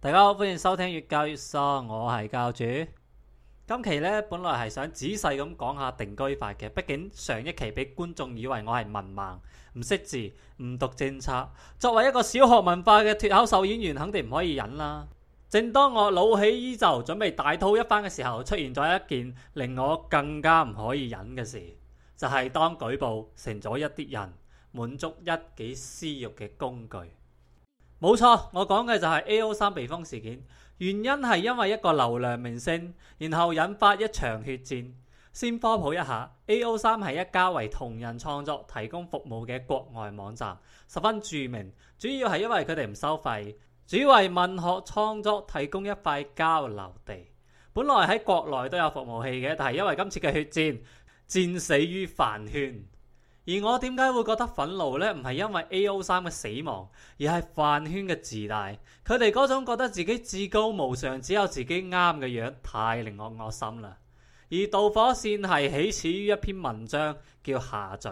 大家好，歡迎收聽越教越疏，我係教主。今期呢，本來係想仔細咁講下定居法嘅，畢竟上一期俾觀眾以為我係文盲，唔識字，唔讀政策。作為一個小學文化嘅脫口秀演員，肯定唔可以忍啦。正當我老起衣袖準備大吐一番嘅時候，出現咗一件令我更加唔可以忍嘅事，就係、是、當舉報成咗一啲人滿足一己私欲嘅工具。冇錯，我講嘅就係 AO3 被封事件，原因係因為一個流量明星，然後引發一場血戰。先科普一下，AO3 係一家為同人創作提供服務嘅國外網站，十分著名。主要係因為佢哋唔收費，只為文學創作提供一塊交流地。本來喺國內都有服務器嘅，但係因為今次嘅血戰，戰死於飯圈。而我點解會覺得憤怒呢？唔係因為 AO3 嘅死亡，而係飯圈嘅自大。佢哋嗰種覺得自己至高無上，只有自己啱嘅樣，太令我噁心啦。而導火線係起始於一篇文章叫《下墜》，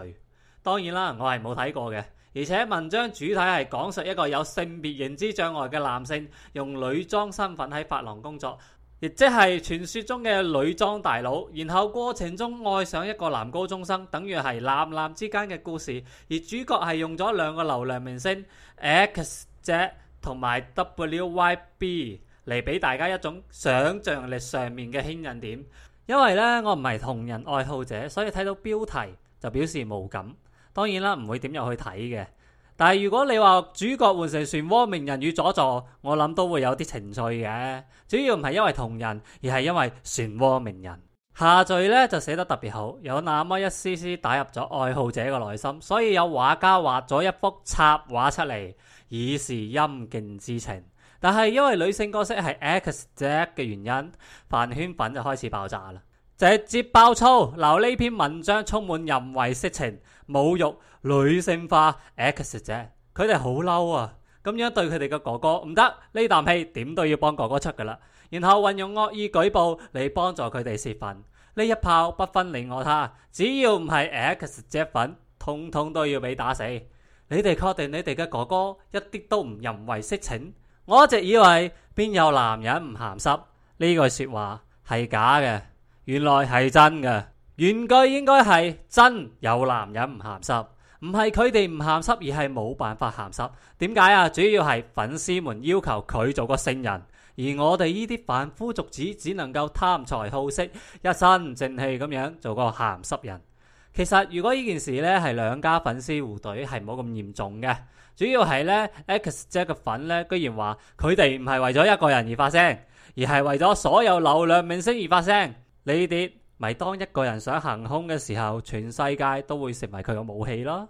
當然啦，我係冇睇過嘅，而且文章主體係講述一個有性別認知障礙嘅男性用女裝身份喺髮廊工作。亦即係傳說中嘅女裝大佬，然後過程中愛上一個男高中生，等於係男男之間嘅故事。而主角係用咗兩個流量明星 X 姐同埋 W Y B 嚟俾大家一種想象力上面嘅牽引點。因為咧，我唔係同人愛好者，所以睇到標題就表示無感，當然啦，唔會點入去睇嘅。但係如果你話主角換成漩渦鳴人與佐助，我諗都會有啲情趣嘅。主要唔係因為同人，而係因為漩渦鳴人。下序呢就寫得特別好，有那麼一絲絲打入咗愛好者嘅內心，所以有畫家畫咗一幅插畫出嚟，以示陰敬之情。但係因為女性角色係 X J 嘅原因，飯圈粉就開始爆炸啦。直接爆粗！嗱，呢篇文章充滿淫穢色情、侮辱女性化 X 姐，佢哋好嬲啊！咁樣對佢哋嘅哥哥唔得，呢啖氣點都要幫哥哥出噶啦。然後運用惡意舉報嚟幫助佢哋泄憤，呢一炮不分你我他，只要唔係 X 姐粉，通通都要被打死。你哋確定你哋嘅哥哥一啲都唔淫穢色情？我一直以為邊有男人唔鹹濕，呢句說話係假嘅。原來係真嘅，原句應該係真有男人唔咸濕，唔係佢哋唔咸濕，而係冇辦法咸濕。點解啊？主要係粉絲們要求佢做個聖人，而我哋呢啲凡夫俗子只能夠貪財好色，一身正氣咁樣做個咸濕人。其實如果呢件事呢係兩家粉絲互懟，係冇咁嚴重嘅。主要係呢，X 姐嘅粉呢居然話佢哋唔係為咗一個人而發聲，而係為咗所有流量明星而發聲。呢啲咪當一個人想行凶嘅時候，全世界都會成為佢嘅武器咯。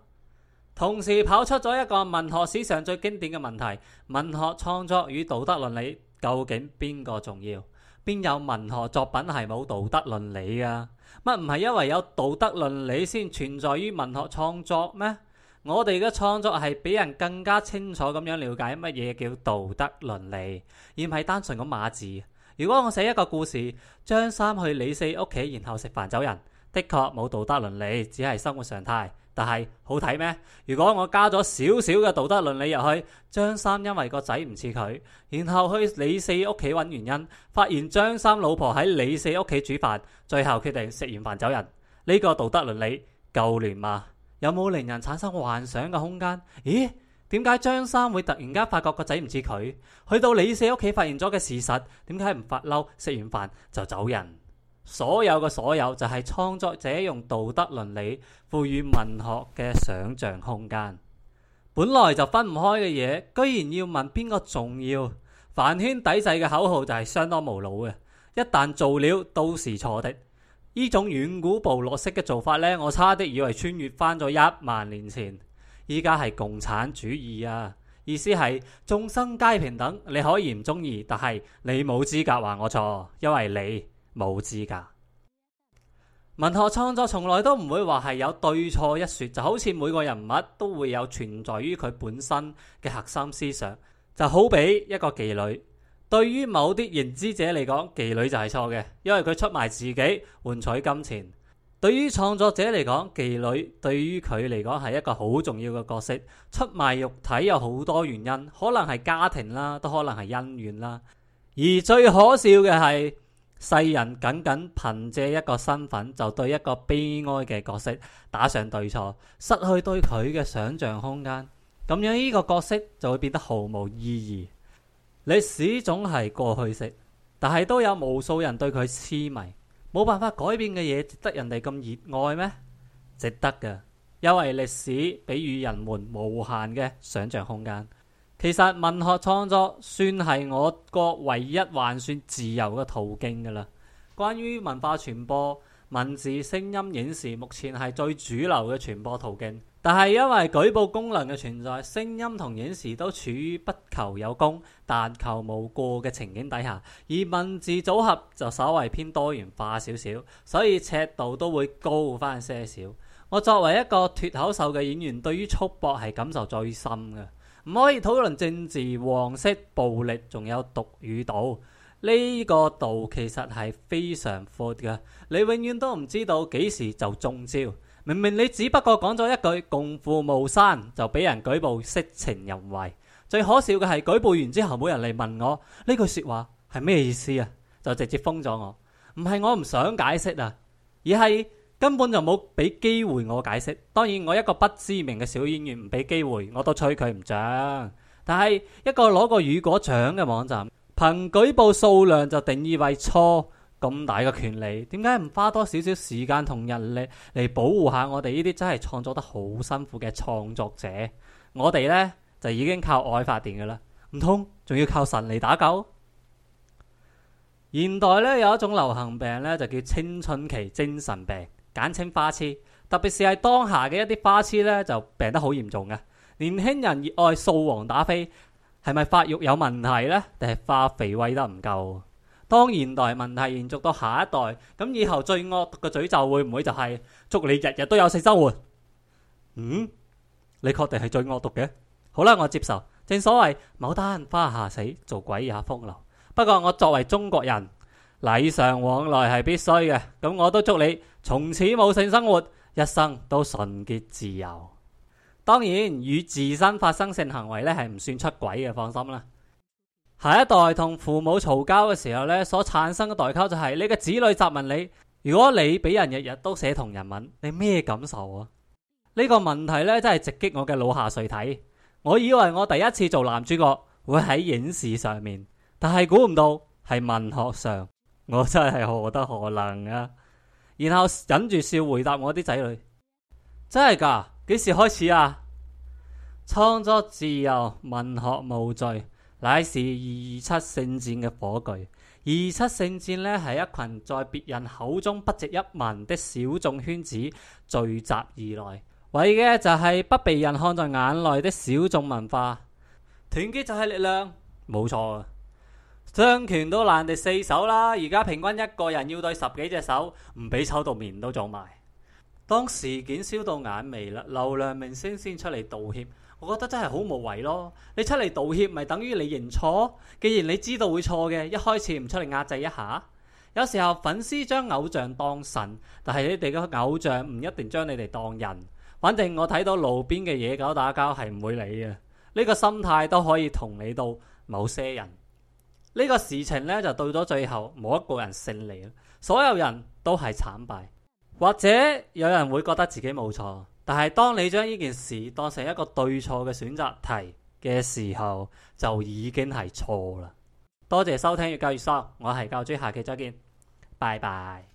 同時跑出咗一個文學史上最經典嘅問題：文學創作與道德倫理究竟邊個重要？邊有文學作品係冇道德倫理噶？乜唔係因為有道德倫理先存在於文學創作咩？我哋嘅創作係俾人更加清楚咁樣了解乜嘢叫道德倫理，而唔係單純咁碼字。如果我寫一個故事，張三去李四屋企然後食飯走人，的確冇道德倫理，只係生活常態。但係好睇咩？如果我加咗少少嘅道德倫理入去，張三因為個仔唔似佢，然後去李四屋企揾原因，發現張三老婆喺李四屋企煮飯，最後決定食完飯走人。呢個道德倫理夠亂嘛？有冇令人產生幻想嘅空間？咦？點解張三會突然間發覺個仔唔似佢？去到李四屋企發現咗嘅事實，點解唔發嬲？食完飯就走人。所有嘅所有就係創作者用道德倫理賦予文學嘅想象空間。本來就分唔開嘅嘢，居然要問邊個重要？飯圈抵制嘅口號就係相當無腦嘅。一旦做了，都是錯的。呢種遠古部落式嘅做法呢，我差啲以為穿越翻咗一萬年前。依家係共產主義啊！意思係眾生皆平等，你可以唔中意，但係你冇資格話我錯，因為你冇資格。文學創作從來都唔會話係有對錯一說，就好似每個人物都會有存在於佢本身嘅核心思想。就好比一個妓女，對於某啲認知者嚟講，妓女就係錯嘅，因為佢出賣自己換取金錢。對於創作者嚟講，妓女對於佢嚟講係一個好重要嘅角色。出賣肉體有好多原因，可能係家庭啦，都可能係恩怨啦。而最可笑嘅係，世人僅僅憑借一個身份，就對一個悲哀嘅角色打上對錯，失去對佢嘅想象空間。咁樣呢個角色就會變得毫無意義。歷史總係過去式，但係都有無數人對佢癡迷。冇辦法改變嘅嘢，值得人哋咁熱愛咩？值得噶，因為歷史俾予人們無限嘅想象空間。其實文學創作算係我國唯一還算自由嘅途徑噶啦。關於文化傳播，文字、聲音、影視，目前係最主流嘅傳播途徑。但係因為舉報功能嘅存在，聲音同影視都處於不求有功，但求無過嘅情景底下，而文字組合就稍為偏多元化少少，所以尺度都會高翻些少。我作為一個脫口秀嘅演員，對於束縛係感受最深嘅，唔可以討論政治、黃色、暴力，仲有毒語度呢、呢個度其實係非常闊嘅，你永遠都唔知道幾時就中招。明明你只不過講咗一句共赴巫山，就俾人舉報色情淫穢。最可笑嘅係舉報完之後，冇人嚟問我呢句説話係咩意思啊！就直接封咗我。唔係我唔想解釋啊，而係根本就冇俾機會我解釋。當然，我一個不知名嘅小演員唔俾機會我都吹佢唔漲。但係一個攞過雨果獎嘅網站，憑舉報數量就定義為錯。咁大嘅權利，點解唔花多少少時間同人力嚟，保護下我哋呢啲真係創作得好辛苦嘅創作者？我哋呢，就已經靠愛發電㗎喇，唔通仲要靠神嚟打救？現代呢，有一種流行病呢，就叫青春期精神病，簡稱花痴。特別是係當下嘅一啲花痴呢，就病得好嚴重嘅，年輕人熱愛掃黃打非，係咪發育有問題呢？定係化肥餵得唔夠？當現代問題延續到下一代，咁以後最惡毒嘅詛咒會唔會就係祝你日日都有性生活？嗯，你確定係最惡毒嘅？好啦，我接受。正所謂牡丹花下死，做鬼也風流。不過我作為中國人，禮尚往來係必須嘅。咁我都祝你從此冇性生活，一生都純潔自由。當然與自身發生性行為咧係唔算出軌嘅，放心啦。下一代同父母嘈交嘅時候呢，所產生嘅代溝就係你嘅子女責問你，如果你俾人日日都寫同人文，你咩感受啊？呢個問題呢，真係直擊我嘅腦下垂體。我以為我第一次做男主角會喺影視上面，但係估唔到係文學上，我真係何德何能啊！然後忍住笑回答我啲仔女，真係噶，幾時開始啊？創作自由，文學無罪。乃是二七聖戰嘅火炬，二七聖戰呢係一群在別人口中不值一文的小眾圈子聚集而來，為嘅就係不被人看在眼內的小眾文化。團結就係力量，冇錯。雙拳都難敵四手啦，而家平均一個人要對十幾隻手，唔俾抽到面都做埋。當事件燒到眼眉啦，流量明星先出嚟道歉。我覺得真係好無謂咯！你出嚟道歉咪等於你認錯？既然你知道會錯嘅，一開始唔出嚟壓制一下。有時候粉絲將偶像當神，但係你哋嘅偶像唔一定將你哋當人。反正我睇到路邊嘅野狗打交係唔會理嘅。呢個心態都可以同你到某些人。呢個事情呢，就到咗最後，冇一個人勝利，所有人都係慘敗。或者有人會覺得自己冇錯。但係當你將呢件事當成一個對錯嘅選擇題嘅時候，就已經係錯啦。多謝收聽越教越熟，我係教主，下期再見，拜拜。